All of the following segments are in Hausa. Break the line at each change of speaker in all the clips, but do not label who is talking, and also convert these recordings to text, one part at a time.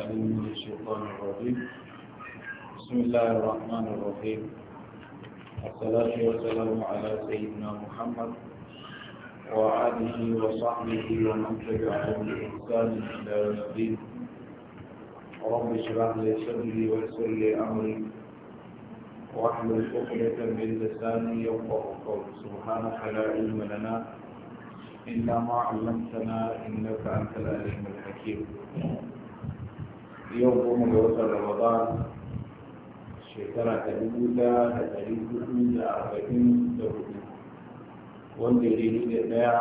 العليم من الشيطان الرجيم بسم الله الرحمن الرحيم الصلاة والسلام على سيدنا محمد وآله وصحبه ومن تبعهم بإحسان إلى يوم الدين رب اشرح لي صدري ويسر لي أمري واحلل عقدة من لساني يفقه قولي سبحانك لا علم لنا إلا ما علمتنا إنك أنت العليم الحكيم yau goma ga watan ramadan shekara ta dubu da da dari hudu da arba'in da hudu wanda ya yi da daya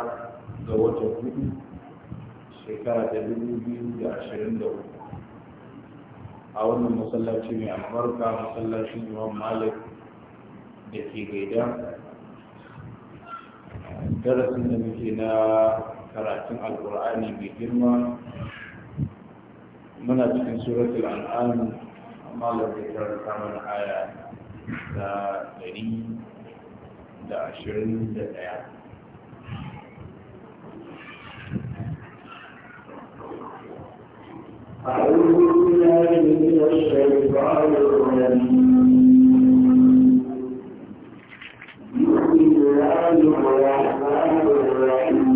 ga watan hudu shekara ta dubu biyu da ashirin da hudu a wannan masallaci mai albarka masallacin imam malik da ke gaida darasin da muke na karatun alkur'ani mai girma من في سورة الأنعام ما الذي كان ثمن آية دا دين دا شرين دا
أعوذ بالله من الشيطان الرجيم بسم الله الرحمن الرحيم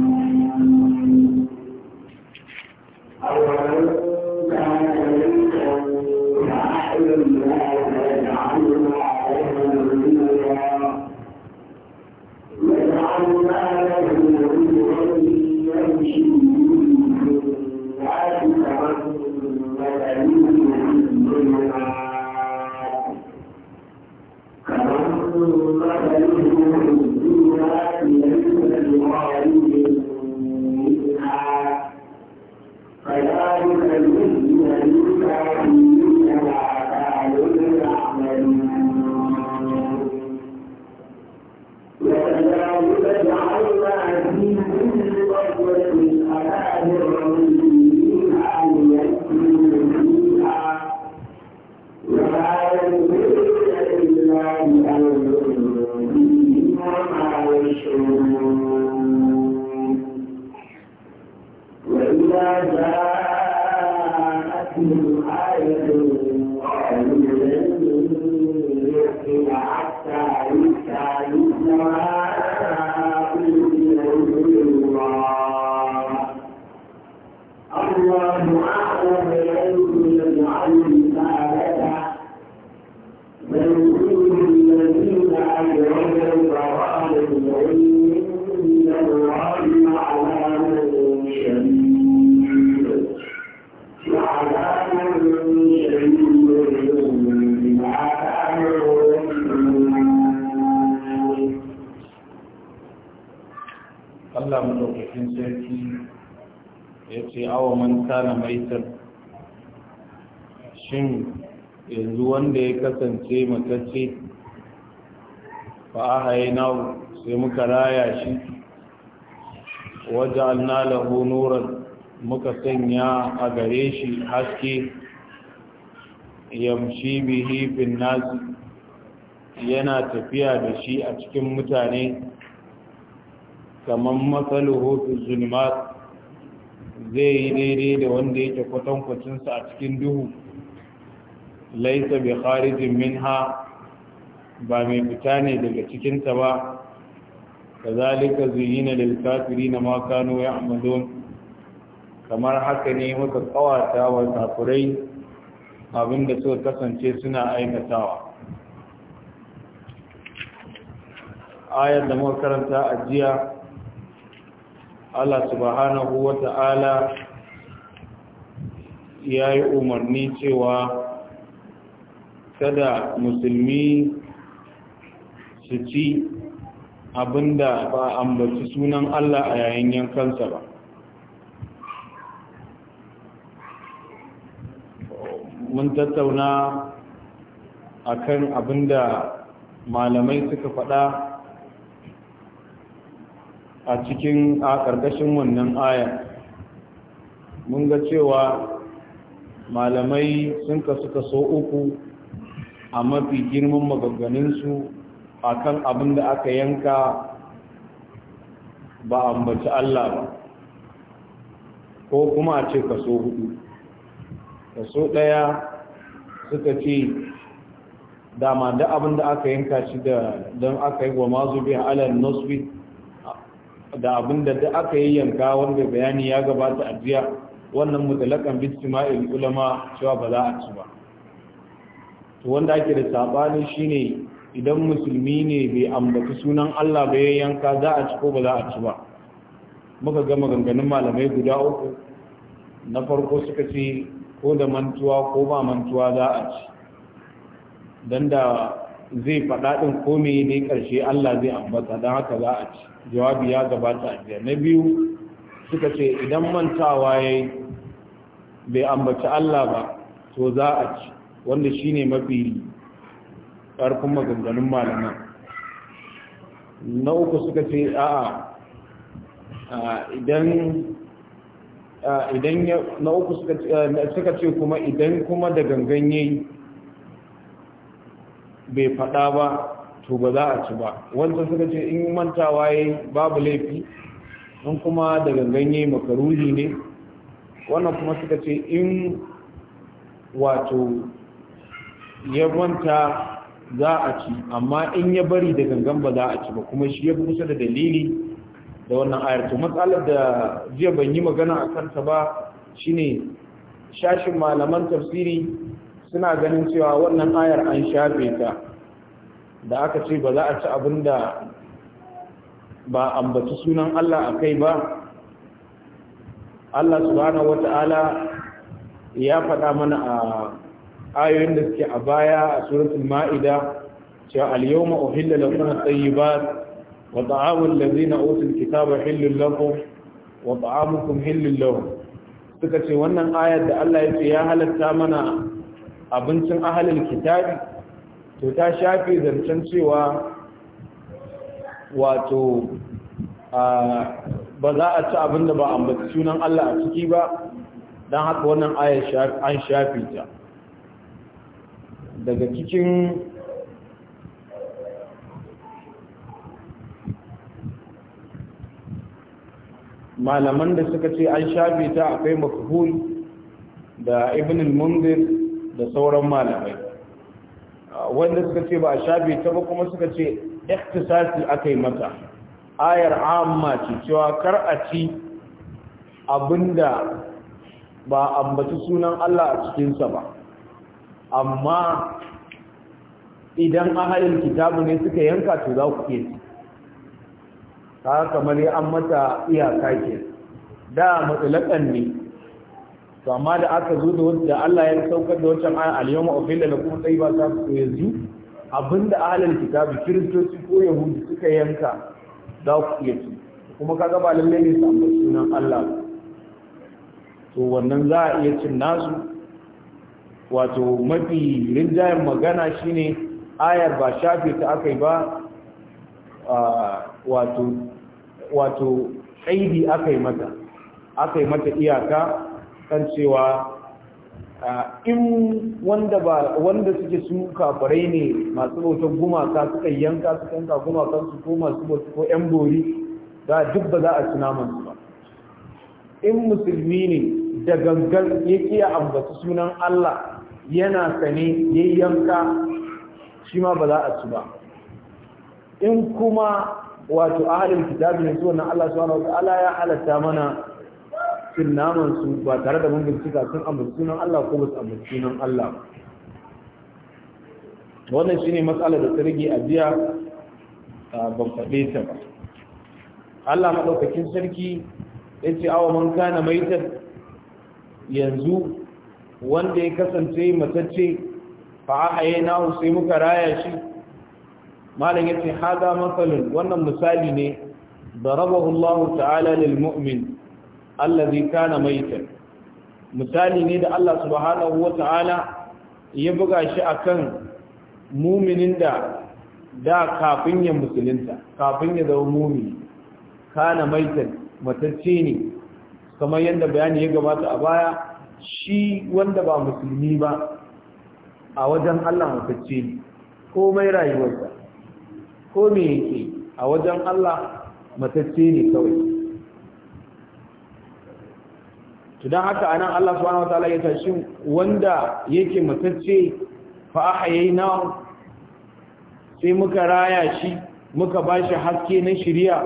man kana maitar shin yanzu wanda ya kasance matacce fa ahaye na sai muka raya shi wajen na lahu nuran muka sanya a gare shi haske yamshi bihi fin nasi yana tafiya da shi a cikin mutane kamar matsaluhu zulmat zai yi daidai da wanda yake kwatankwacinsa a cikin duhu laisa bi kharijin minha ba mai fita ne daga cikinta ba kazalika zuyina lil kafirina ma kanu ya'malun kamar haka ne muka kawata wa kafirai abinda suka kasance suna aikatawa ayar da muka a jiya Allah subhanahu wa ta'ala ya yi umarni cewa kada musulmi su ci abinda ba ambaci sunan Allah a yayin yankansa ba mun tattauna akan abinda malamai suka faɗa a cikin a ƙarƙashin wannan aya mun ga cewa malamai sun kasu kaso uku a mafi girman magagganinsu a kan abin da aka yanka ba ambaci Allah ba ko kuma a ce kaso hudu kaso ɗaya suka ce dama da abin da aka yanka shi da don aka yi wa mazubi biya alal nosbit da abin da da aka yi yanka wanda bayani ya gabata a jiya wannan mutalakan bijtima'il ulama cewa ba za a ci ba to wanda ake da sabani shine idan musulmi ne bai ambaci sunan Allah ba yanka za a ci ko ba za a ci ba muka ga maganganun malamai guda uku na farko suka ce ko da mantuwa ko ba mantuwa za a ci
dan da zai faɗa ɗin ko ne ƙarshe Allah zai ambata don haka za a ci jawabi ya gabata a biyar na
biyu suka ce idan mantawa ya bai ambaci Allah ba to za a ci wanda shi ne mafi ƙarfin maganganun malaman na uku suka ce a'a idan idan na uku suka ce kuma idan kuma da gangan yayi bai faɗa ba to ba za a ci ba wanda suka ce in mantawa ya babu laifi in kuma da ganganye makaruni ne wannan kuma suka ce in wato ya manta za a ci amma in ya bari da gangan ba za a ci ba kuma shi ya kusa da dalili da wannan ayar to matsalar da jiya ban yi magana a kanta ba shine shashin malaman tafsiri suna ganin cewa wannan ayar an shafe ta da aka ce ba za a ci abin da ba ambaci sunan Allah a kai ba Allah subhanahu wata'ala ya faɗa mana a ayoyin da suke a baya a suratul ma'ida cewa al-yawma uhilla lakum at-tayyibat wa ta'amul ladzina utul kitaba hillul lakum wa ta'amukum hillul lahum suka ce wannan ayar da Allah ya ce ya halatta mana abincin ahalin kitabi to ta shafi zancen cewa wato ba za a ci abin da ba ambaci sunan Allah a ciki ba don haka wannan ayar an shafi ta daga cikin malaman da suka ce an shafi ta akwai mafhul da ibn al mundir da sauran malamai wanda suka ce ba a shafe ta ba kuma suka ce ikhtisasi aka yi mata ayar amma ce cewa kar a ci abinda ba ambaci sunan Allah a cikinsa ba amma idan ahalin kitabu ne suka yanka to za ku ke ci ta kamar ya an mata iyaka ke da matsalakan ne to amma da aka zo da da Allah ya saukar da wancan aya al-yawma ufilla lakum tayyiba ta to yanzu abinda ahlul kitabi kiristoci ko yahudi suka yanka za ku iya ci kuma kaga ba lalle ne su ambaci sunan Allah to wannan za a iya cin nasu wato mafi rinjayen magana shine ayar ba shafe ta aka yi ba wato wato tsaidi aka yi mata aka yi mata iyaka kan cewa in wanda ba wanda suke su kafirai ne masu bautar gumaka suka yanka su yanka gumakan su ko masu bautar ko yan bori da duk ba za a ci naman ba in musulmi ne da gangan ya kiya ambata sunan Allah yana sane ya yanka shi ma ba za a ci ba in kuma wato ahalin kitabin su wannan Allah subhanahu wa ta'ala ya halatta mana cin naman su ba tare da mun bincika sun ambaci sunan Allah ko ba su sunan Allah wannan shine matsala da tsirgi a jiya ban faɗe ta ba Allah madaukakin sarki ce awa man kana maita yanzu wanda ya kasance matacce fa nahu sai muka raya shi malam yace hada masalin wannan misali ne darabahu Allah ta'ala lil mu'min Allah zai kana maitan misali ne da Allah subhanahu ta'ala ya buga shi akan muminin da da kafin ya musulunta kafin ya zama mumini kana maitan matacce ne kamar yadda bayani ya gabata a baya shi wanda ba musulmi ba a wajen Allah matacce ne komai rayuwarsa ko me yake a wajen Allah matacce ne kawai idan haka anan Allah subhanahu wataala ya tashi wanda yake matacce fa ahyayna sai muka raya shi muka bashi haske na shari'a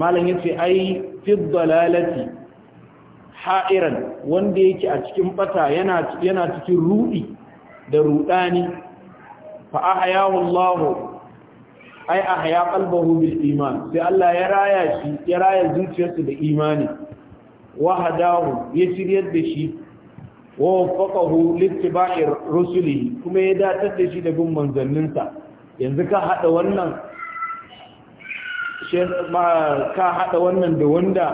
malam yace ai fi dalalati ha'iran wanda yake a cikin bata yana yana cikin rudi da rudani fa ahyahu Allah ai ahya qalbahu bil iman sai Allah ya raya shi ya raya zuciyarsa da imani wahadahu ya shiryar da shi wa waffaqahu littiba'i rusulihi kuma ya datar da shi da bin manzanninsa yanzu ka hada wannan ka hada wannan da wanda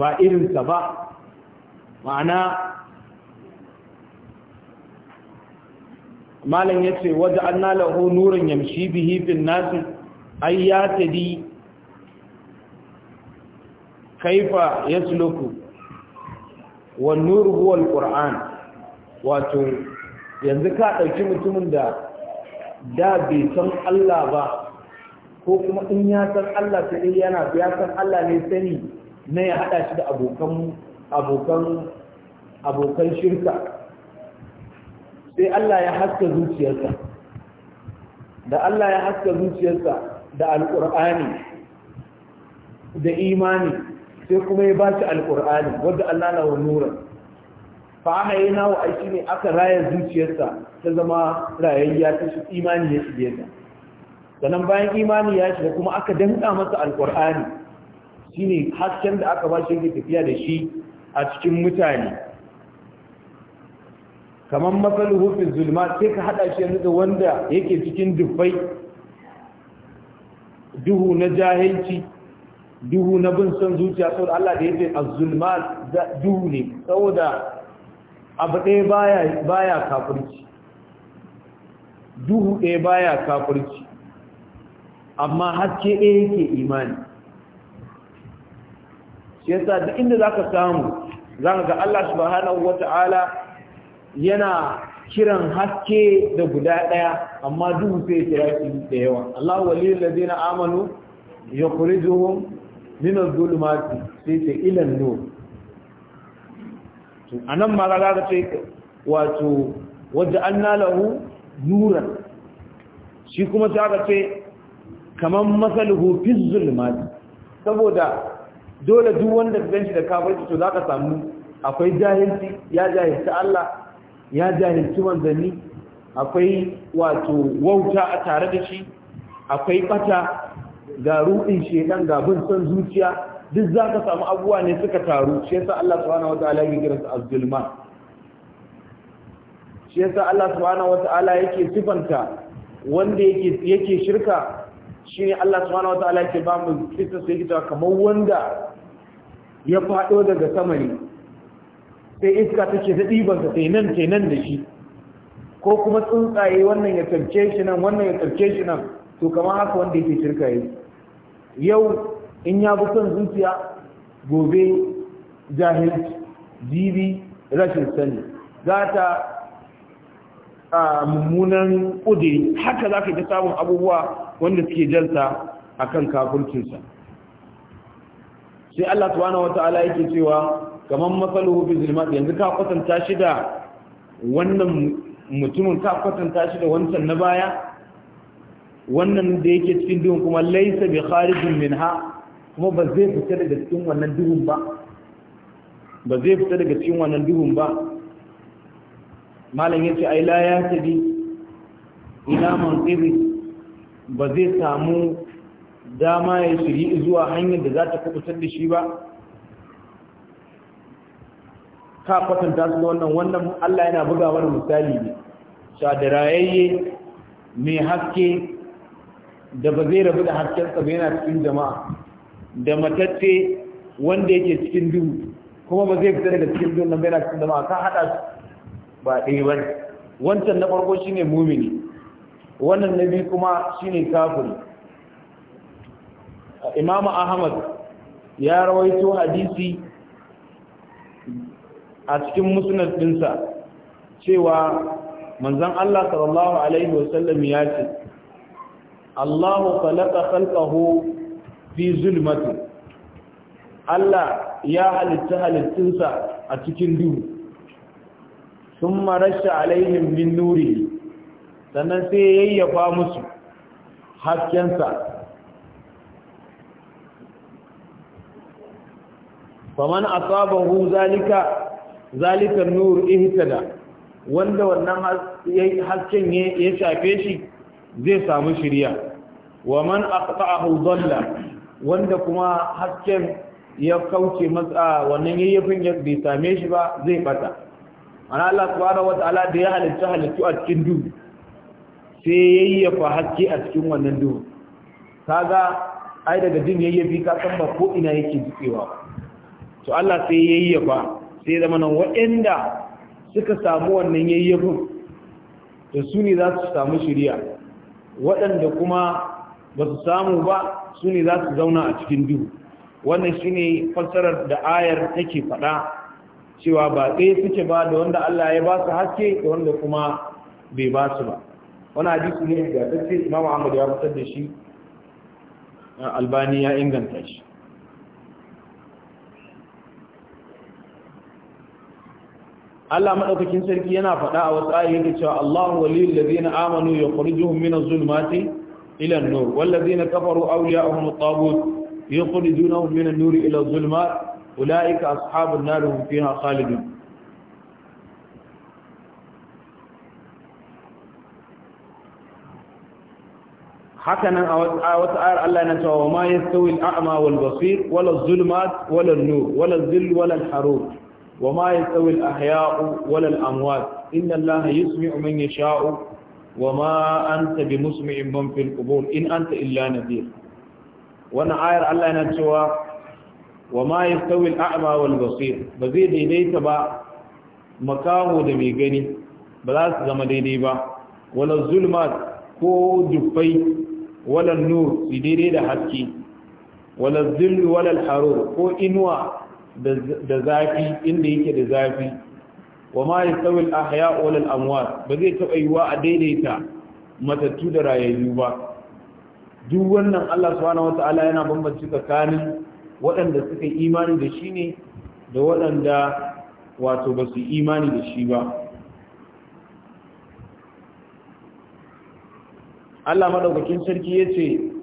ba irinsa ba ma'ana malam yace waje an lahu nuran yamshi bihi fil nas ya yatadi kaifa yasluku wannan huwa alquran wato yanzu ka ɗauki mutumin da da bai san Allah ba ko kuma in ya san Allah sai yana ya san Allah ne sani na ya haɗa shi da abokan abokan abokan shirka sai Allah ya haska zuciyarsa da Allah ya haska zuciyarsa da alƙur'ani da imani sai kuma ya ba shi alƙur'ani wadda Allah na wa nura fa ahayna wa aiki ne aka raya zuciyarsa ta zama rayayya ta shi imani ya shige ta sannan bayan imani ya shiga kuma aka danka masa alƙur'ani shine hasken da aka ba shi yake tafiya da shi a cikin mutane kamar matsalu hufin zulma sai ka haɗa shi yanzu da wanda yake cikin dufai duhu na jahilci duhu na bin son zuciya saboda Allah da yake az-zulmat duhu ne saboda abu ɗaya baya baya kafirci duhu ɗaya baya kafirci amma haske ɗaya yake imani shi yasa duk inda zaka samu zaka ga Allah subhanahu wata'ala yana kiran haske da guda ɗaya amma duhu sai kira shi da yawa Allah waliyul ladina amanu yukhrijuhum min zulumati sai ce ila nur to anan ma ga ga ce wato waja'alna lahu nuran shi kuma sai aka ce kaman masaluhu fi zulumati saboda dole duk wanda ka ganshi da kafirci to zaka samu akwai jahilci ya jahilci Allah ya jahilci manzanni akwai wato wauta a tare da shi akwai bata ga ruɗin shekan ga bin son zuciya duk za ka samu abubuwa ne suka taru shi yasa Allah subhanahu wa ta'ala ya kira su azzulman shi yasa Allah subhanahu wa ta'ala yake sifanta wanda yake yake shirka shine Allah subhanahu wa ta'ala yake ba mu kisa sai kita kamar wanda ya fado daga sama ne sai iska take ta diban sa sai nan sai nan da shi ko kuma tsuntsaye wannan ya tarce shi nan wannan ya tarce shi nan to kamar haka wanda yake shirka yi yau in ya bi son zuciya gobe jahilci jibi rashin sani za ta a mummunan ƙudiri haka za ka ta samun abubuwa wanda suke jalta a kan kafurcinsa sai Allah subhanahu wa ta'ala yake cewa kamar matsaluhu fi zulmat yanzu ka kwatanta shi da wannan mutumin ka kwatanta shi da wancan na baya wannan da yake cikin duhun kuma laisa bi kharijin minha kuma ba zai fita daga cikin wannan duhun ba ba zai fita daga cikin wannan duhun ba malam yace ai la ya tabi mun manqibi ba zai samu dama ya shiri zuwa hanyar da za ta kubutar da shi ba ka kwatanta su wannan wannan Allah yana buga mana misali ne shadarayayye mai haske da ba zai rabu da haskensa ba yana cikin jama'a da matatte wanda yake cikin duhu kuma ba zai fita daga cikin duhu nan yana cikin jama'a ka haɗa su ba ɗaya ba wancan na farko shine mumini wannan na biyu kuma shine kafiri imamu ahmad ya rawaito hadisi a cikin musnad dinsa cewa manzon Allah sallallahu alaihi wasallam ya ce Allahu khalaqa khalqahu fi zulmati Allah ya halitta halittinsa a cikin duhu thumma rasha alaihim min nuri sannan sai yayyafa musu haskensa faman asabahu zalika zalika nur ihtada wanda wannan hasken ya shafe shi zai samu shirya wa man aqta'ahu dhalla wanda kuma hasken ya kauce matsa wannan yayyafin ya bai same shi ba zai bata ana Allah subhanahu wataala da ya halitta halittu a cikin duhu sai yayyafa haske a cikin wannan duhu kaga ai daga jin yayyafi ka san ba ko ina yake jikewa to Allah sai yayyafa sai zama nan waɗanda suka samu wannan yayyafin to su ne za su samu shiriya waɗanda kuma ba su samu ba su ne za su zauna a cikin duhu wannan shi ne fassarar da ayar take faɗa cewa ba ɗaya suke ba da wanda Allah ya ba su haske da wanda kuma bai ba su ba wani hadisi ne da ta ce imamu ahmad ya fitar da shi albani ya inganta shi Allah madaukakin sarki yana faɗa a wasu ayoyi da cewa Allahu waliyul ladina amanu yukhrijuhum minaz zulumati ila an-nur wal ladina kafaru awliya'uhum at-taghut yukhrijunahum minan nur ila az-zulumat ulaika ashabun nar hum fiha khalidun haka nan a wata ayar Allah yana cewa wa ma yastawi al-a'ma wal basir wala az-zulumat wala an-nur wala az-zill wala al-harur وما يستوي الأحياء ولا الأموات إن الله يسمع من يشاء وما أنت بمسمع من في القبور إن أنت إلا نذير وانا آير الله نتوى وما يستوي الأعمى والبصير بزيد إليك با مكاه دمي غني بلاس زمديني با ولا الظلمات كو دفي ولا النور سيديري لحكي ولا الظل ولا الحرور كو إنوى da zafi inda yake da zafi wa ma yastawi al-ahya wal amwat ba zai taba yiwa a daidaita matattu da rayayyu ba duk wannan Allah subhanahu wataala yana bambanci tsakanin waɗanda suka imani da shi ne da waɗanda wato ba su imani da shi ba Allah madaukakin sarki yace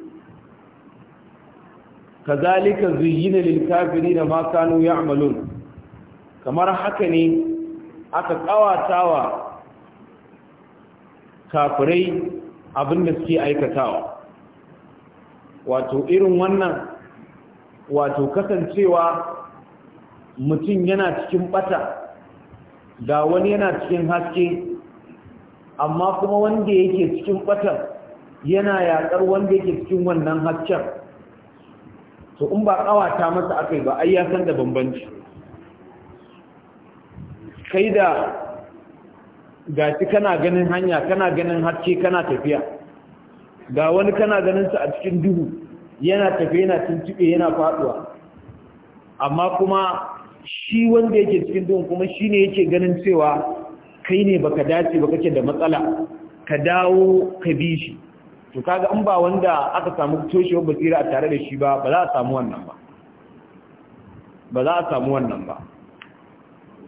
kazalika Ziyyina, lil da ma kanu ya'malun kamar haka ne aka kawatawa kafirai da suke aikatawa wato irin wannan wato kasancewa mutum yana cikin bata da wani yana cikin haske amma kuma wanda yake cikin bata yana yaƙar wanda yake cikin wannan hasken to in ba kawata masa akai ba ai ya san da bambanci kai da gashi kana ganin hanya kana ganin harce kana tafiya ga wani kana ganin sa a cikin duhu yana tafiya yana tuntube yana faduwa amma kuma shi wanda yake cikin duhun kuma shine yake ganin cewa kai ne baka dace ba kake da matsala ka dawo ka bi shi to kaga in ba wanda aka samu toshewar basira a tare da shi ba ba za a samu wannan ba ba za a samu wannan ba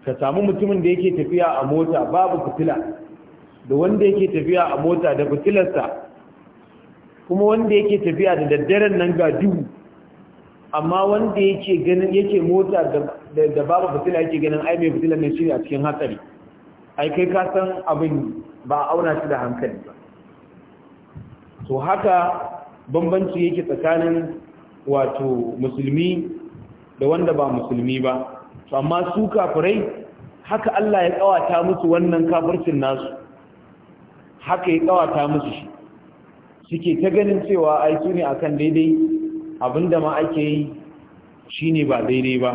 ka samu mutumin da yake tafiya a mota babu fitila da wanda yake tafiya a mota da fitilarsa kuma wanda yake tafiya da daddaren nan ga duhu amma wanda yake ganin yake mota da babu fitila yake ganin ai mai fitilar nan shi a cikin hatsari ai kai ka san abin ba auna shi da hankali ba to haka bambanci yake tsakanin wato musulmi da wanda ba musulmi ba to amma su kafirai haka Allah ya kawata musu wannan kafircin nasu haka ya kawata musu shi suke ta ganin cewa ai su ne akan daidai abinda ma ake yi shine ba daidai ba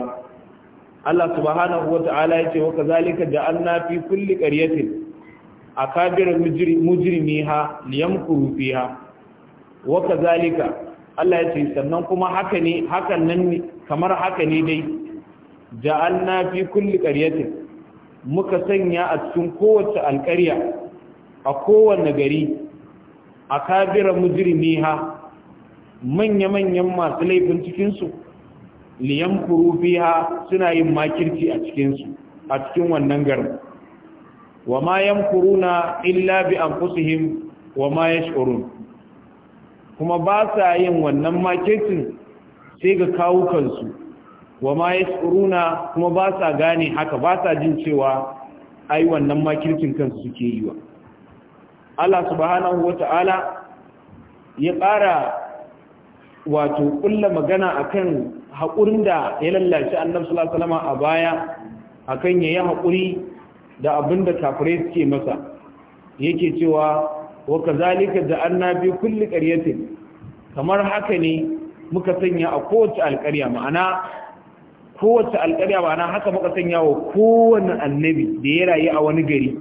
Allah subhanahu wata'ala ya ce wa kazalika ja'alna fi kulli qaryatin akabir mujrimi ha liyamkuru fiha wa kazalika Allah ya ce sannan kuma haka ne hakan nan ne kamar haka ne dai ja'alna fi kulli qaryatin muka sanya a cikin kowace alƙarya a kowanne gari a kabira manya-manyan masu laifin cikinsu liyan kurufi ha suna yin makirci a su a cikin wannan garin wa ma yamkuruna illa bi anfusihim wa ma yash'urun kuma ba sa yin wannan marketing sai ga kawukansu wa ma yash'uruna kuma ba sa gane haka ba sa jin cewa ai wannan marketing kansu suke yi wa Allah subhanahu wata'ala ya ƙara wato ƙulla magana akan haƙurin da ya lallace annabi sallallahu alaihi wasallam a baya akan yayi haƙuri da abin da kafirai suke masa yake cewa wa kazalika da annabi kulli qaryatin kamar haka ne muka sanya a kowace alƙarya ma'ana kowace alƙarya ma'ana haka muka sanya wa kowane annabi da ya rayu a wani gari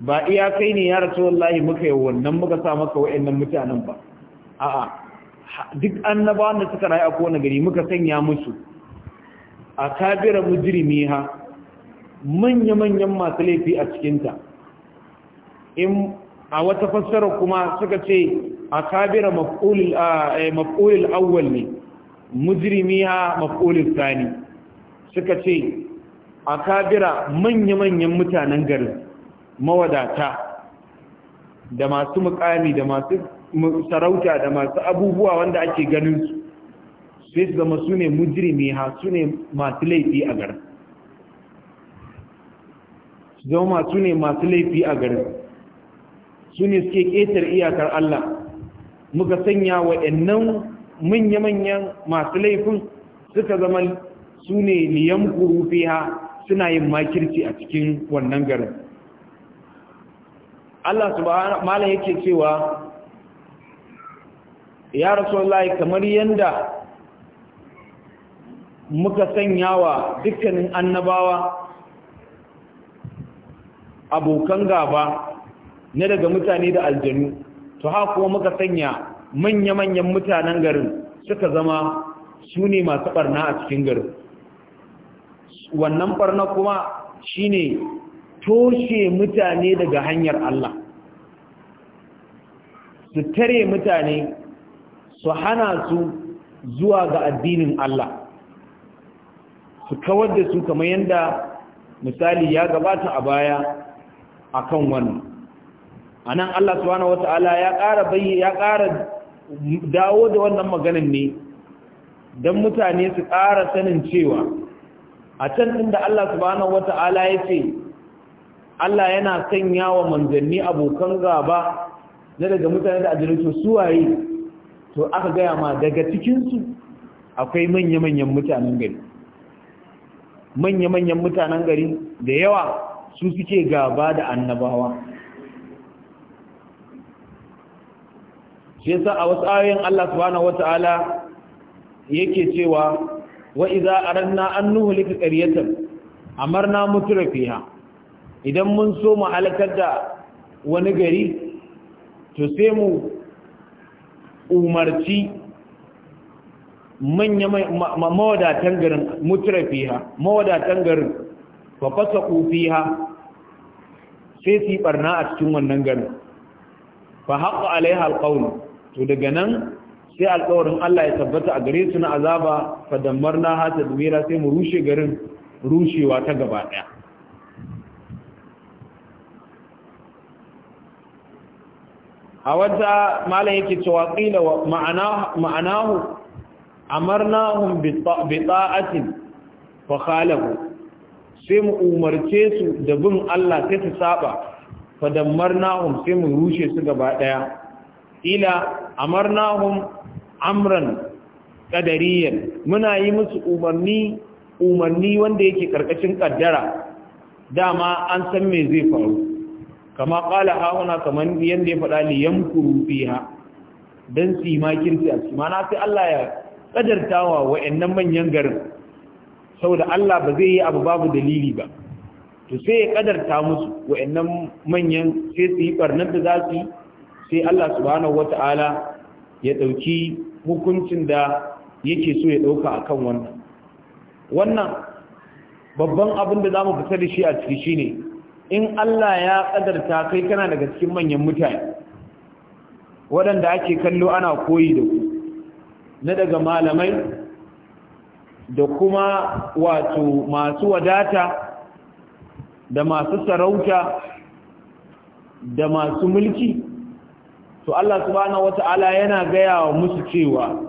ba iya kai ne ya rasu wallahi muka yi wannan muka sa maka wa'annan mutanen ba a'a duk annabawan da suka rayu a kowane gari muka sanya musu a kabira mujrimiha ha manya-manyan masu laifi a cikinta in a wata fassara kuma suka ce a kabira maf'ulil eh, awwal ne mujrimiha maf'ulil sani suka ce a kabira manya-manyan mutanen garin mawadata da masu mukami da masu sarauta da masu abubuwa wanda ake ganin su sai su zama su ne mujrimiha su ne masu laifi a garin su zama masu ne masu laifi a garin su ne suke ƙetar iyakar Allah muka sanya wa nan manya-manyan masu laifin suka zama su ne liyan ha, suna yin makirci a cikin wannan garin Allah subhanahu mala yake cewa ya rasulullahi kamar yadda muka sanya wa dukkanin annabawa abokan gaba na daga mutane da aljanu to ha kuma muka sanya manya-manyan mutanen garin suka zama su ne masu barna a cikin garin wannan barna kuma shine toshe mutane daga hanyar Allah su tare mutane su hana su zuwa ga addinin Allah su kawar da su kamar yadda misali ya gabata a baya akan wannan anan Allah subhanahu wata'ala ya ƙara bayyi ya ƙara dawo da wannan maganar ne dan mutane su ƙara sanin cewa a can inda Allah subhanahu wata'ala ya ce Allah yana sanya wa manzanni abokan gaba na daga mutane da ajirinsu suwaye to aka gaya ma daga cikinsu akwai manya-manyan mutanen gari manya-manyan mutanen gari da yawa su suke gaba da annabawa shi yasa a wasu ayoyin Allah subhanahu wata'ala yake cewa wa idza aranna an nuhlika qaryatan amarna mutrafiha idan mun so mu halakar da wani gari to sai mu umarci manya mawadatan garin mutrafiha mawadatan garin fa fasaqu fiha sai su yi barna a cikin wannan garin fa haƙa alaiha alqawl to daga nan sai alƙawarin Allah ya tabbata a gare su na azaba fa dammarna ha tadmira sai mu rushe garin rushewa ta gaba ɗaya a wata malam yake cewa qila wa ma'anahu amarnahum bi ta'atin fa khalahu sai mu umarce su da bin Allah sai su saba damarnahum sai mu rushe su gaba daya ila amarnahum amran qadariyan muna yi musu umarni umarni wanda yake karkashin kaddara dama an san me zai faru kama qala hauna kaman yanda ya faɗa li yamkuru fiha dan su yi makirci a mana sai Allah ya kadartawa wa'annan manyan garin saboda Allah ba zai yi abu babu dalili ba to sai ya kadarta musu wa'annan manyan sai su yi barnar da za su yi sai Allah subhanahu wata'ala ya ɗauki hukuncin da yake so ya ɗauka akan wannan wannan babban abin da zamu fita da shi a ciki shine in Allah ya kadarta kai kana daga cikin manyan mutane waɗanda ake kallo ana koyi da ku na daga malamai da kuma wato masu wadata da masu sarauta da masu mulki to Allah subhanahu wata'ala yana gaya wa musu cewa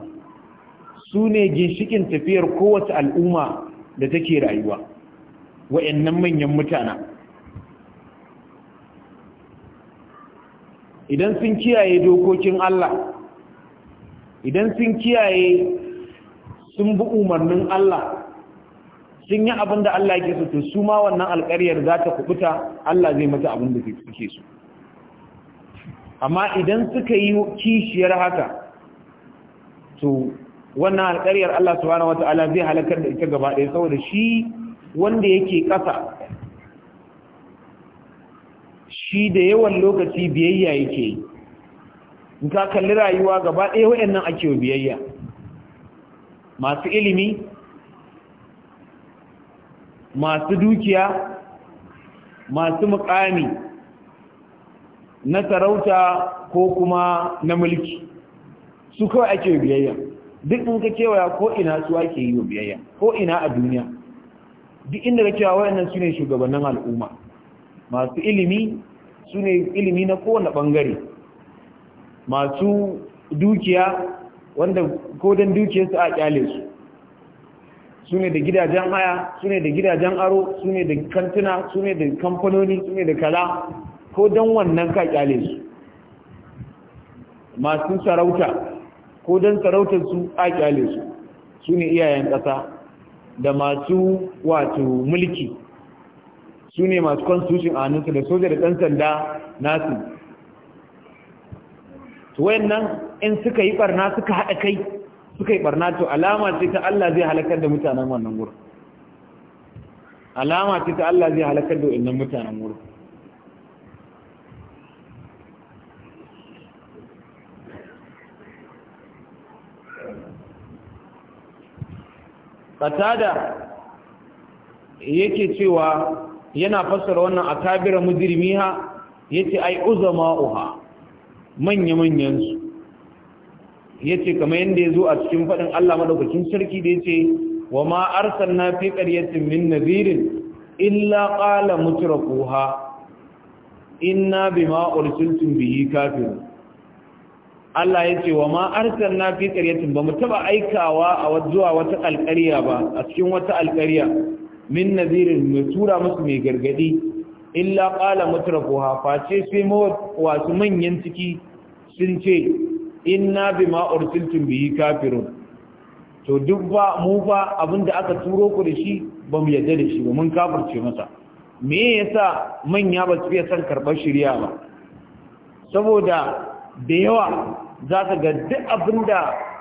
su ne ginshikin tafiyar kowace al'umma da take rayuwa wa'annan manyan mutana idan sun kiyaye dokokin Allah idan sun kiyaye sun bi umarnin Allah sun yi abin da Allah yake so to su ma wannan alƙaryar za ta kubuta Allah zai mata abin da suke so amma idan suka yi kishiyar haka to wannan alƙaryar Allah subhanahu wata'ala zai halakar da ita gaba ɗaya saboda shi wanda yake ƙasa shi da yawan lokaci biyayya yake yi in ka kalli rayuwa gaba ɗaya wa'annan ake biyayya masu ilimi masu dukiya masu mukami na sarauta ko kuma na mulki su kawai ake biyayya duk in ka kewaya ko ina su ake yi biyayya ko ina a duniya duk inda ka cewa wayannan su ne shugabannin al'umma masu ilimi su ne ilimi na kowane ɓangare masu dukiya wanda ko don dukiyarsu a kyale su su ne da gidajen haya su ne da gidajen aro su ne da kantuna su ne da kamfanoni su ne da kala ko don wannan ka kyale su masu sarauta ko don sarautarsu a kyale su su ne iyayen ƙasa da masu wato mulki su ne masu constitution a hannunsa da soja da ɗan sanda nasu wayannan in suka yi ɓarna suka haɗa kai suka yi barna to alama ce ta Allah zai halakar da mutanen wannan wurin alama ce ta Allah zai halakar da wannan mutanen gurin Qatada yake cewa yana fassara wannan akabira mujrimiha yace ai uha manya manyan su yace kamar ya zo a cikin faɗin Allah madaukakin sarki da ce wa ma arsalna fi qaryatin min nazirin illa ƙala qala mutrafuha inna bima ursiltum bihi kafin? Allah ya ce wa ma arsalna fi qaryatin ba mu taɓa aikawa a zuwa wata alƙarya ba a cikin wata alƙarya min nazirin mu tura musu mai gargadi illa ƙala qala mutrafuha face sai mu wasu manyan ciki sun ce inna bima ursiltum bihi kafirun to duk ba mu fa abinda aka turo ku da shi ba mu yadda da shi ba mun kafirce masa me yasa manya ba su fiye son karɓar shirya ba saboda da yawa za ka ga duk abinda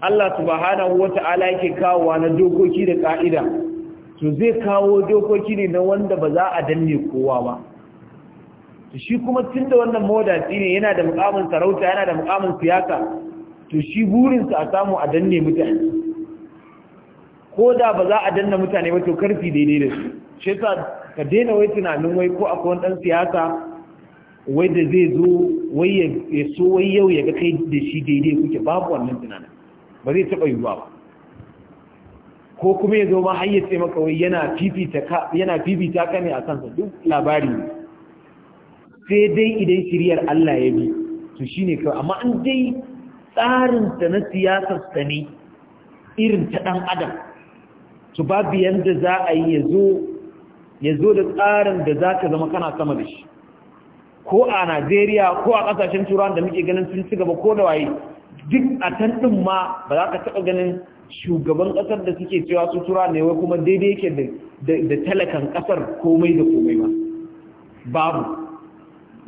Allah subhanahu wata'ala yake kawowa na dokoki da ka'ida to zai kawo dokoki ne na wanda ba za a danne kowa ba to shi kuma tun da wannan mawadaci ne yana da mukamin sarauta yana da mukamin siyasa to shi burinsa a samu a danne mutane ko da ba za a danna mutane ba to karfi daidai da su shi yasa ka daina wai tunanin wai ko akwai wani dan siyasa wai da zai zo wai ya so wai yau ya ga kai da shi daidai kuke babu wannan tunanin ba zai taɓa yiwuwa ba ko kuma ya zo ma har ya ce maka wai yana fifita ka ne a kansa duk labari ne sai dai idan shiriyar Allah ya bi to shine kawai amma an dai tsarin ta na siyasar ta ne irin ta ɗan adam to babu yanda za a yi ya zo da tsarin da za ka zama kana sama da shi ko a Najeriya ko a kasashen turawan da muke ganin sun ci gaba ko da waye duk a can ma ba za ka taba ganin shugaban ƙasar da suke cewa su tura ne wai kuma daidai yake da talakan ƙasar komai da komai ba babu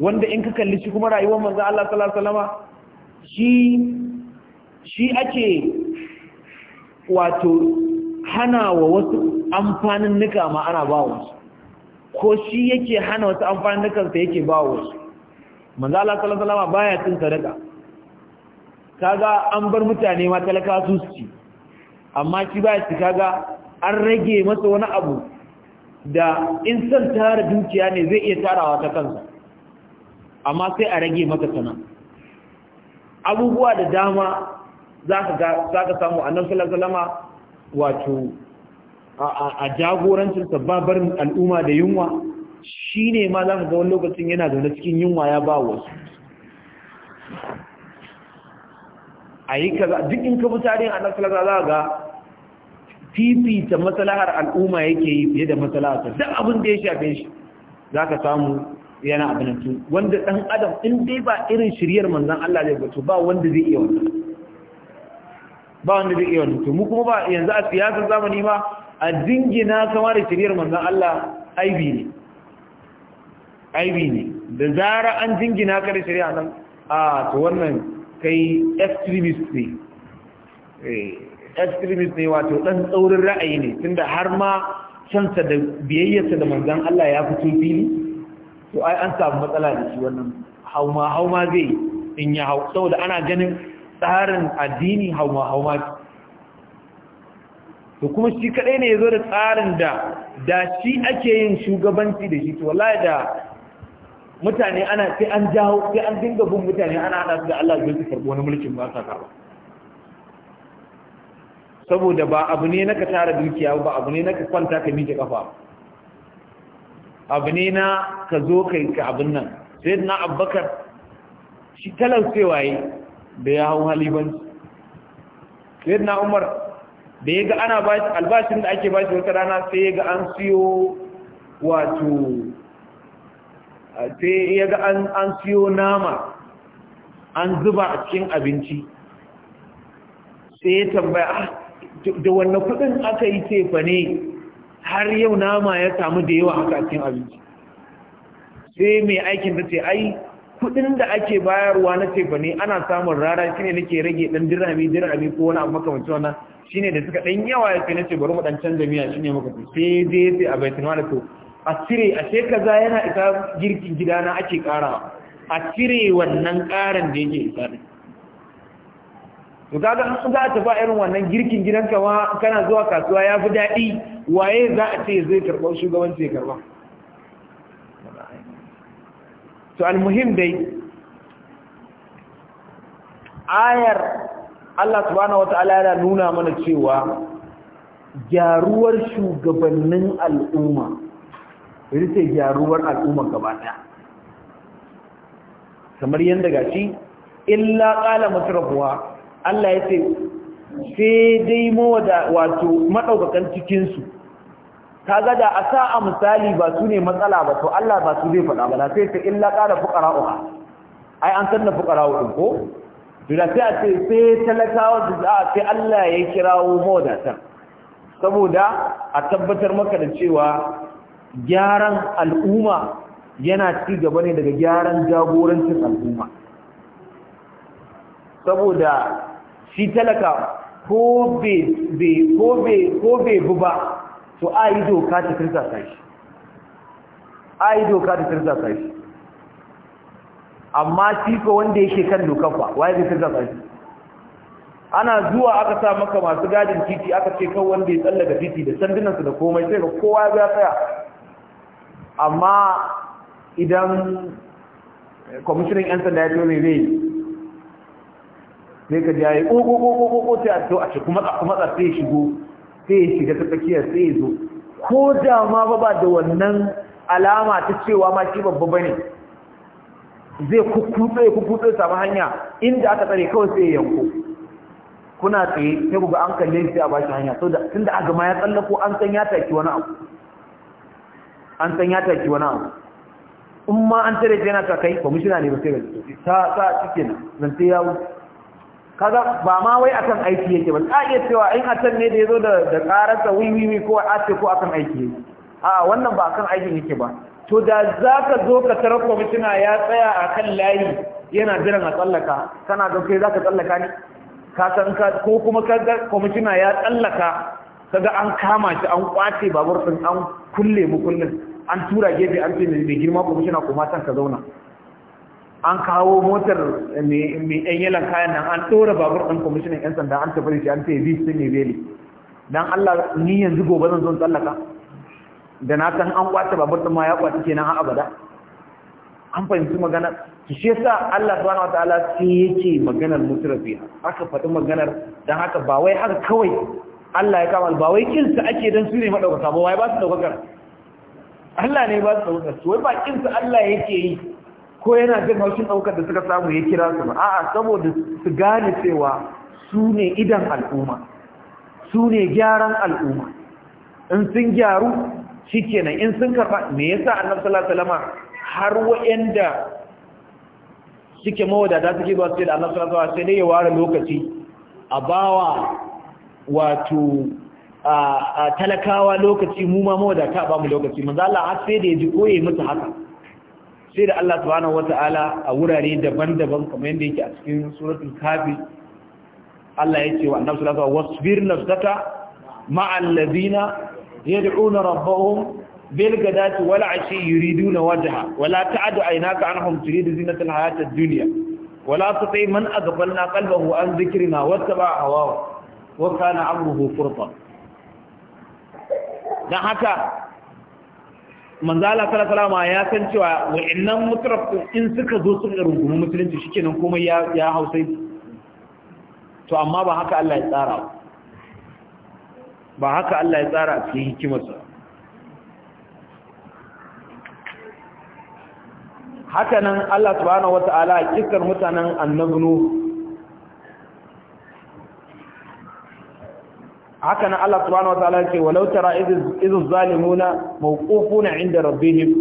wanda in ka kalli shi kuma rayuwar manzan Allah sallallahu alaihi wasallama shi shi ake wato hana wa wasu amfanin nuka ma ana ba wasu ko shi yake hana wasu amfanin nukansa yake ba wasu manzo Allah sallallahu alaihi Wasallama baya cin sadaka kaga an bar mutane ma talaka su ci amma shi baya ci kaga an rage masa wani abu da in san tara dukiya ne zai iya tarawa ta kansa amma sai a rage maka sana abubuwa da dama za ka samu annan salama wato a jagorancin sababar al'umma da yunwa shi ne ma za ka ga wani lokacin yana zaune cikin yunwa ya ba wasu a yi kaza duk in ka bi tarihin annan salama za ga fifita masalahar al'umma yake yi fiye da masalahar duk abin da ya shafe shi za ka samu yana abin wanda dan adam in dai ba irin shiryar manzon Allah zai gato ba wanda zai iya wannan ba wanda zai iya wannan to mu kuma ba yanzu a siyasar zamani ba, a dingina kamar shiryar manzon Allah aibi ne aibi ne da zara an dingina kar shirya nan a to wannan kai extremist ne eh, extremist ne wato dan tsaurin ra'ayi ne tunda har ma cansa da biyayyarsa da manzon Allah ya fito fili to ai an samu matsala da shi wannan hauma hauma zai in ya hau saboda ana ganin tsarin addini hauma hauma to kuma shi kadai ne yazo da tsarin da da shi ake yin shugabanci da shi to wallahi da mutane ana sai an jawo sai an dinga bin mutane ana hada su da Allah zai su karbo wani mulkin ba sa karba saboda ba abu ne naka tara dukiya ba abu ne naka kwanta ka miƙe kafa abu ne na ka zo kai ka abin nan sai na abbakar shi sai waye. da ya hau halibanci sai na umar da ya ga ana albashin da ake bashi wata rana sai ya ga an siyo wato sai ya ga an siyo nama an zuba a cikin abinci sai ya tambaya ah, da wanne kudin aka yi tefa ne har yau nama ya samu da yawa haka cikin abinci sai mai aikin ta ce ai kudin da ake bayarwa na ce ne ana samun rara shine nake rage dan dirami dirami ko wani abu makamancin wannan shine da suka dan yawa ya ce nace bari mu dan canza miya shine muka ce sai dai sai a baitin wala to a cire a sai kaza yana isa girkin gidana ake karawa a cire wannan karan da yake isa din to kaga an za ta fa irin wannan girkin ka ma kana zuwa kasuwa ya fi daɗi waye za a ce zai karɓa shugabanci ya karɓa to almuhim dai ayar Allah subhanahu wata'ala yana nuna mana cewa gyaruwar shugabannin al'umma ce gyaruwar al'umma gaba ɗaya kamar yadda gashi illa ƙala rabuwa Allah ya ce sai dai wada wato madaukakan cikinsu su ga da a sa misali ba su ne matsala ba to Allah ba su zai faɗa ba na sai ta illa ƙara fuqara'uha ai an sanna fuqara'u din ko da sai a ce sai talakawa da za a sai Allah ya kirawo mawadatan saboda a tabbatar maka da cewa gyaran al'umma yana ci gaba ne daga gyaran jagorancin al'umma saboda shi talaka ko bai bu ba to a yi doka ta tirsasa shi a yi doka ta tirsasa shi amma ciko wanda yake kan dokan fa waye zai tirsasa shi ana zuwa aka sa maka masu gadin titi aka ce kan wanda ya tsallaka titi da sandunansu da komai sai ga kowa ya tsaya amma idan kwamishinan 'yan sanda ya ce zai sai ka jaye ƙoƙoƙoƙoƙo sai a to a shi kuma matsa sai shigo sai ya shiga ta tsakiyar sai ya zo ko da ma ba ba da wannan alama ta cewa ma shi babba ba ne zai kukutse ya kukkutse samu hanya inda aka tsare kawai sai ya yanko kuna tsaye sai ku ga an kalle shi a bashi hanya so da tunda aga ma ya tsallako an san ya taki wani abu an san ya taki wani abu in ma an tare shi yana ta kai kwamishina ne ba sai ga ta ta cikin zan zance ya wuce kaga ba ma wai akan aiki yake ba a iya cewa in atan ne da yazo da da wi wiwiwi ko a ce ko akan aiki yake a wannan ba akan aiki yake ba to da zaka zo ka tara kwamitina ya tsaya akan layi yana jiran a tsallaka kana ga kai zaka tsallaka ne ka san ka ko kuma ka ga kwamitina ya tsallaka kaga an kama shi an kwace babur din an kulle mu kullun an tura gefe an ce mai girma kwamitina, kuma san ka zauna an kawo motar mai ɗan yalan kayan nan an ɗora babur ɗan kwamishinan 'yan sanda an tafari shi an ce bi su ne beli don allah ni yanzu gobe zan zon tsallaka da na san an kwace babur ɗin ma ya kwace kenan a abada an fahimci magana ki shi yasa allah ta subhanahu wataala sai yake maganar mutrafi aka faɗi maganar don haka ba wai haka kawai allah ya kama ba wai kinsa ake don su ne maɗaukaka ba wai ba su ɗaukakar allah ne ba su ɗaukakar su wai ba kinsa allah yake yi ko yana jin haushin ɗaukar da suka samu ya kira su ba a'a saboda su gane cewa su ne idan al'umma su ne gyaran al'umma in sun gyaru shikenan in sun kafa. me yasa annabi sallallahu alaihi wasallam har wa'anda suke mawadata suke ba su da annabi sallallahu alaihi wasallam sai dai ya ware lokaci a bawa wato a talakawa lokaci mu ma mawadata ba mu lokaci manzo Allah har sai da ya ji koye musu haka sai da Allah subhanahu wata'ala a wurare daban-daban kamar yadda yake a cikin suratul kafi Allah ya ce wa annabi sallallahu alaihi wasallam wasbir nafsaka ma'al ladina yad'una rabbahum bil gadati wal ashi yuriduna wajha wala ta'du aynaka anhum turidu zinata al hayati ad dunya wala tuti man aghfalna qalbahu an dhikrina wattaba hawahu wa kana amruhu furta dan haka manzala salama ya san cewa wa'annan mutrafin in suka zo sun rungumi musulunci shikenan komai ya ya hausai to amma ba haka Allah ya tsara ba haka Allah ya tsara a cikin hikimarsa haka nan Allah subhanahu wata'ala a mutanen annabnu haka nan Allah subhanahu wataala yake walau tara idh zalimuna mawqufuna inda rabbihim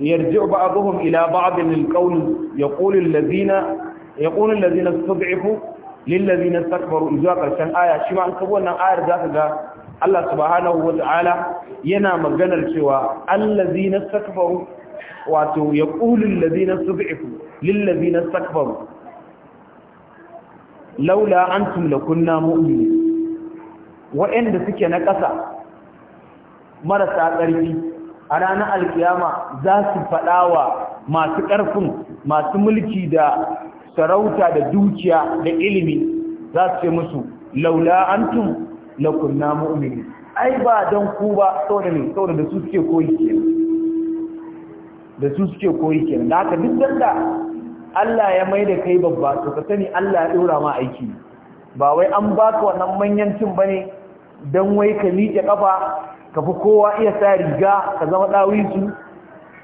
yarji'u ba'dhum ila ba'dhin alqawl yaqulu alladhina yaqulu alladhina istud'ifu lil ladhina istakbaru zuwa karshen aya shi ma an kabo wannan ayar zaka ga Allah subhanahu wataala yana maganar cewa alladhina istakbaru wato yaqulu alladhina istud'ifu lil ladhina istakbaru laula antum kunna mu'minin waɗanda suke na ƙasa marasa ƙarfi a ranar alkiyama za su wa masu ƙarfin masu mulki da sarauta da dukiya da ilimi za su ce musu laula antum kunna mu'mini ai ba don ku ba saboda ne saboda da su suke koyi kenan da su suke koyi kenan da haka duk da Allah ya mai da kai babba to ka sani Allah ya dora ma aiki ba wai an baka wannan manyan cin bane dan wai ka miƙe kafa ka fi kowa iya sa riga ka zama dawisu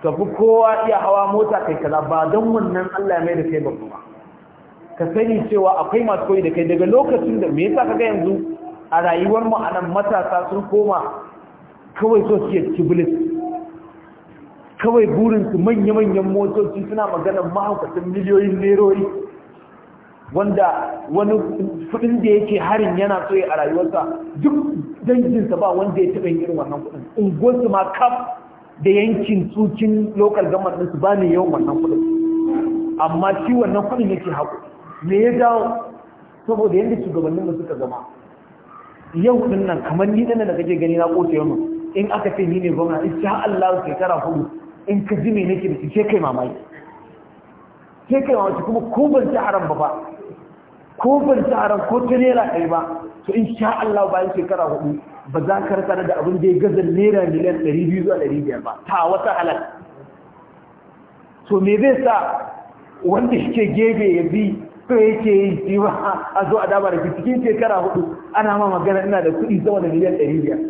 ka fi kowa iya hawa mota kai kaza ba dan wannan Allah ya mai da kai babba ka sani cewa akwai masu koyi da kai daga lokacin da me yasa kaga yanzu a rayuwar mu anan matasa sun koma kawai so su yi kawai burinsu manya-manyan motoci suna magana mahaukatan miliyoyin nerori wanda wani kudin da yake harin yana so a rayuwarsa duk danginsa ba wanda ya taɓa irin wannan kudin unguwarsu ma kaf da yankin tsukin lokal gamar ɗinsu ba ne yawan wannan kudin amma shi wannan kudin yake haku me ya dawo? saboda yadda shugabannin da suka zama yau din nan kamar ni dana da kake gani na kotu yau in aka ce ni ne gwamna insha Allah shekara hudu in ka ji me ke da ke kai mamaki Ke kai mamaki kuma ko ban ci haram ba ba ko ban ci haram ko ta nera ɗai ba to in sha Allah bayan shekara hudu ba za ka rasa da abin da ya gaza naira miliyan ɗari biyu zuwa ɗari biyar ba ta wata halal to me zai sa wanda yake gefe ya bi to yake yi shi a zo a dama da cikin shekara hudu ana ma magana ina da kuɗi sama da miliyan ɗari biyar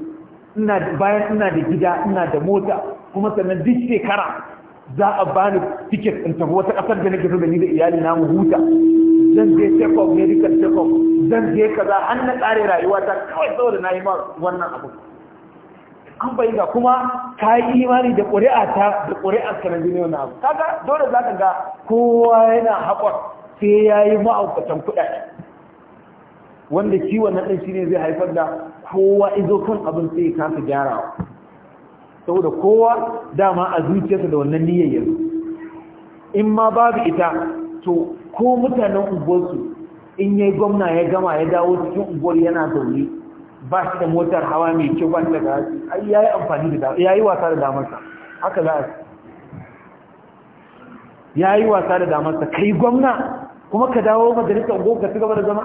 ina bayan ina da gida ina da mota kuma sannan duk shekara za a bani tiket in tafi wata kasar da nake so da ni da iyali na mu huta zan je check up medical check up zan je kaza an na tsare rayuwa ta kawai saboda na yi ma wannan abu an ga kuma ka imani da ƙuri'a ta da ƙuri'a ka nan. jini wani abu kaga dole za ka ga kowa yana haƙon sai ya yi ma'aukatan kuɗaɗe wanda ciwon na ɗan shi ne zai haifar da kowa izo kan abin sai ya kasa gyarawa saboda kowa dama a zuciyarsa da wannan niyyar yanzu in ma babu ita to ko mutanen unguwarsu in yayi gwamna ya gama ya dawo cikin unguwar yana zaune ba shi da motar hawa mai kyau ba da gashi ai yayi amfani da yayi wasa da damarsa haka za a yayi wasa da damarsa kai gwamna kuma ka dawo majalisar unguwar ka ci gaba da zama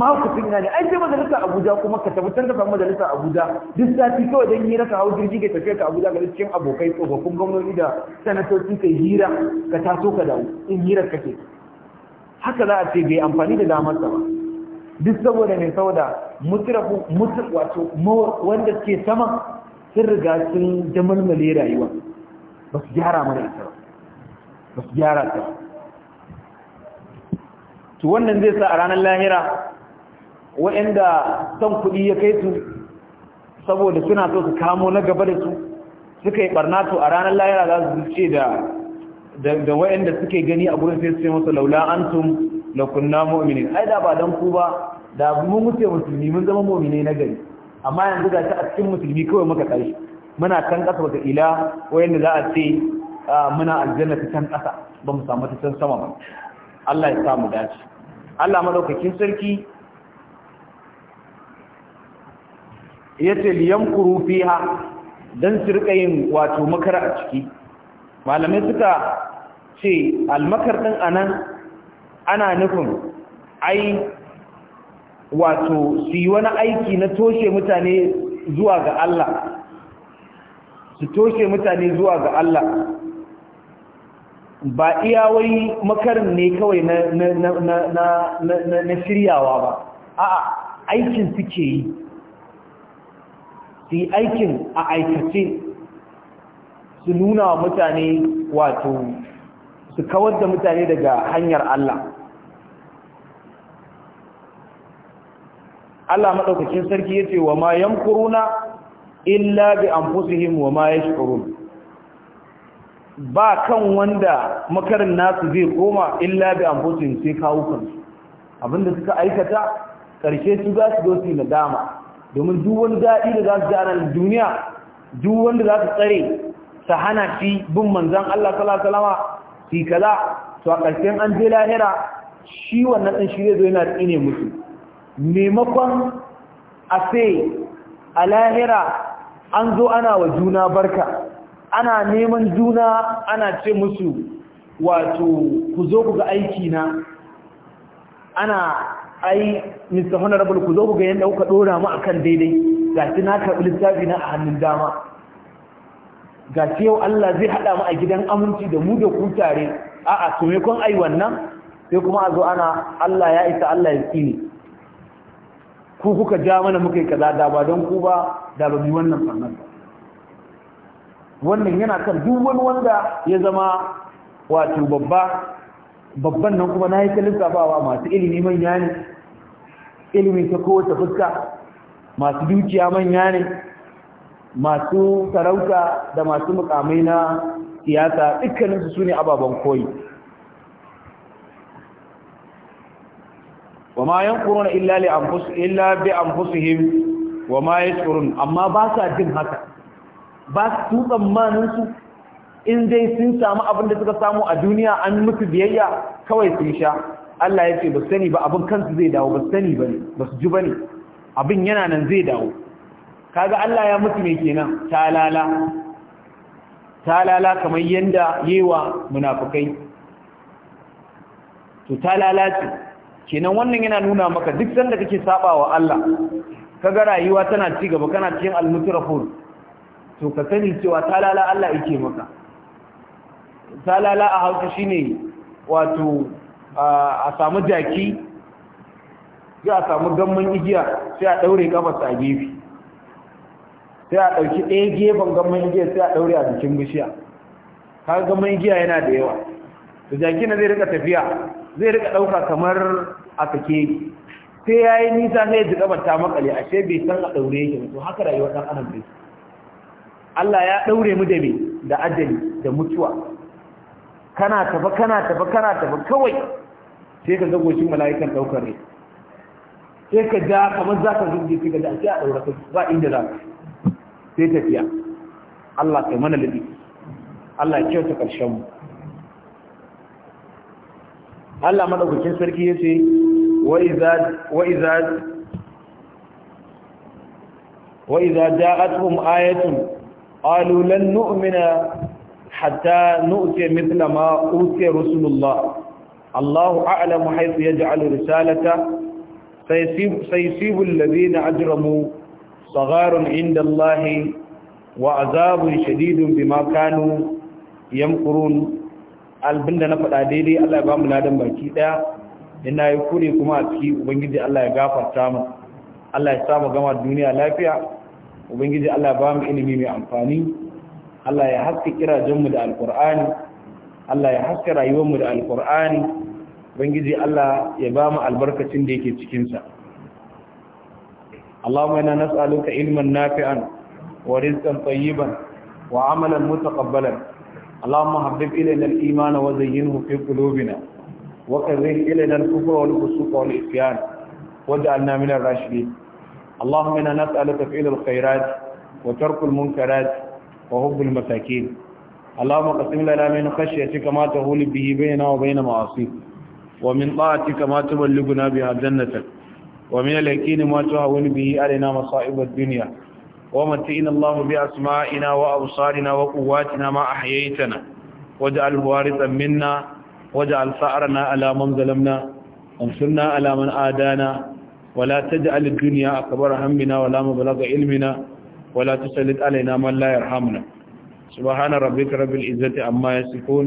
mahaukacin ne an je majalisa abuja kuma ka tabbatar da samu majalisa abuja duk sati kawai don yi ka hau jirgi ka tafiya ka abuja ga cikin abokai tsofaffin gwamnati da sanatoci ka hira ka taso ka dawo in hirar kake haka za a ce bai amfani da damar ba duk saboda mai saboda mutrafu mutu wato wanda ke sama sun riga sun jamalmale rayuwa ba su gyara mana ita ba su gyara ta to wannan zai sa a ranar lahira wa'anda son kuɗi ya kai su saboda suna so su kamo na gaba da su suka yi barnato a ranar layara za su ce da da wa'anda suke gani a gurin sai su ce masa laula antum la kunna mu'minin ai da ba dan ku ba da mun mutu musulmi mun zama mu'mine na gari amma yanzu ga ta a cikin musulmi kawai muka tsari. muna kan kasa wata ila wayanda za a ce muna aljanna ta can kasa ba mu samu ta can sama ba Allah ya samu dace Allah madaukakin sarki yace liyamkuru fiha dan su rika yin wato makara a ciki malamai suka ce almakar ɗin a nan ana nufin ai wato su yi wani aiki na toshe mutane zuwa ga Allah su toshe mutane zuwa ga Allah ba iya wai makarin ne kawai na na shiryawa ba a'a aikin suke yi su yi aikin a aikace su nuna wa mutane wato su kawar da mutane daga hanyar Allah Allah maɗaukacin sarki ya ce wa ma kuruna, illa bi anfusihim wa ma yashkurun ba kan wanda makarin nasu zai koma illa bi anfusihim sai kawukansu abinda suka aikata ƙarshe su za su zo na nadama domin duk wani daɗi da za su ji a duniya duk wanda za su tsare su hana shi bin manzan Allah salama fi kaza to a ƙarshen an je lahira shi wannan ɗin shi zai zo yana tsine musu maimakon a sai a lahira an zo ana wa juna barka ana neman juna ana ce musu wato ku zo ku ga aiki na ana ai mr honorable ku zo ku ga yadda kuka dora mu akan daidai ga shi na karɓi littafi na a hannun dama ga shi yau Allah zai haɗa mu a gidan aminci da mu da ku tare a'a to me kun ai wannan sai kuma a zo ana Allah ya isa Allah ya tsini ku kuka ja mana muka yi kaza da ba don ku ba da ba mu wannan fannin ba wannan yana kan duk wani wanda ya zama wato babba babban nan kuma na yi lissafawa masu ilimi manya ne ilimi ta kowace fuska masu dukiya manya ne masu sarauta da masu mukamai na siyasa dukkaninsu su ne ababen koyi wa ma yankuruna illa li anfus illa bi anfusihim wa ma yashurun amma ba sa jin haka ba su tsammanin su in dai sun samu abin da suka samu a duniya an mutu biyayya kawai sun sha Allah ya ce ba sani ba abin kansu zai dawo ba sani ba ne ba su ji ba ne abin yana nan zai dawo kaga Allah ya mutu ne kenan talala talala kamar yanda yewa munafukai to talala ce kenan wannan yana nuna maka duk sanda kake wa Allah kaga rayuwa tana ci gaba kana cikin almutrafun to ka sani cewa talala Allah yake maka talala a hausa shine wato a samu jaki Sai a samu gamman igiya sai a daure kafarsa a gefe sai a ɗauki ɗaya gefen gamman igiya sai a daure a jikin bishiya kaga gamman igiya yana da yawa to jaki na zai rika tafiya zai rika ɗauka kamar a sake sai ya yi nisa sai ya ji ta makale ashe bai san a ɗaure yake mutu haka rayuwar ɗan adam bai Allah ya ɗaure mu da me da ajali da mutuwa kana tafa kana tafa kana tafa kawai sai ka zago shi mala'ikan daukar ne sai ka ja kamar za ka zuge sai ka ja sai a ɗaurata ba inda za ka sai tafiya Allah kai mana ladi Allah ya kyauta karshen mu Allah madaukakin sarki yace wa idza wa iza wa idza ja'atuhum ayatun qalu lan nu'mina hatta nu'tiya mithla ma utiya rasulullah Allahu a'lamu haythu yaj'alu risalata saysibu alladhina ajramu sagharun 'inda Allahi wa azabun shadidun bima kanu yamkurun albinda na faɗa daidai Allah ya ba mu ladan baki ɗaya ina yi kure kuma a ciki ubangiji Allah ya gafarta mu gama duniya lafiya ubangiji Allah ya ba mu ilimi mai amfani Allah ya haske kirajenmu da alkur'ani Allah ya haske rayuwarmu da alkur'ani ubangiji Allah ya ba mu albarkacin da yake cikinsa Allahumma inna nas'aluka ilman nafi'an wa rizqan tayyiban wa amalan mutaqabbalan Allahumma habbib ilayna al-iman wa zayyinhu fi qulubina wa karrih ilayna al-kufra wal fusuqa wal isyan waj'alna min ar-rashidin Allahumma ina nas'aluka fi'l al-khairat wa tark al-munkarat wa hubb al-masakin اللهم قسم لنا من خشيتك ما تهول به بيننا وبين معاصيك ومن طاعتك ما تبلغنا بها جنتك ومن اليقين ما تهون به علينا مصائب الدنيا ومتئنا الله بأسمائنا وأبصارنا وقواتنا ما أحييتنا واجعل وارثا منا واجعل ثأرنا على من ظلمنا وانصرنا على من آدانا ولا تجعل الدنيا أكبر همنا ولا مبلغ علمنا ولا تسلط علينا من لا يرحمنا سبحان ربك
رب العزة عما يصفون